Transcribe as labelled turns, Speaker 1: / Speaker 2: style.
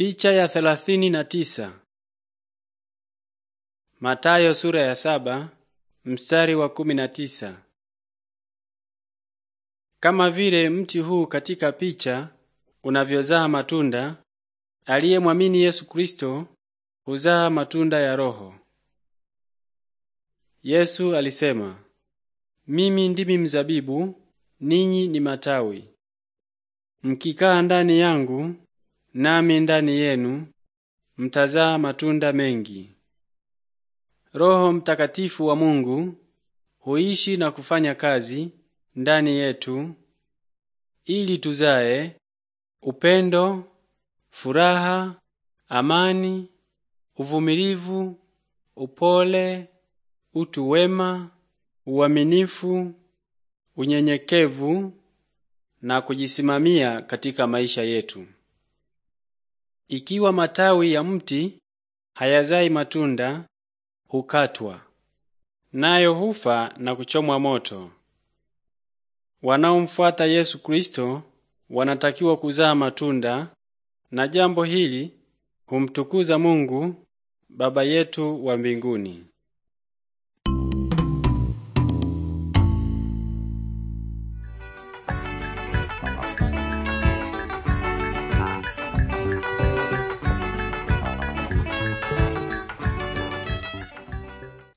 Speaker 1: Picha ya thelathini na tisa. Matayo sura ya saba mstari wa kumi na tisa. Kama vile mti huu katika picha unavyozaa matunda, aliyemwamini Yesu Kristo huzaa matunda ya Roho. Yesu alisema, mimi ndimi mzabibu, ninyi ni matawi. Mkikaa ndani yangu nami ndani yenu mtazaa matunda mengi. Roho Mtakatifu wa Mungu huishi na kufanya kazi ndani yetu ili tuzae upendo, furaha, amani, uvumilivu, upole, utu wema, uaminifu, unyenyekevu na kujisimamia katika maisha yetu. Ikiwa matawi ya mti hayazai matunda, hukatwa nayo hufa na kuchomwa moto. Wanaomfuata Yesu Kristo wanatakiwa kuzaa matunda, na jambo hili humtukuza Mungu Baba yetu wa mbinguni.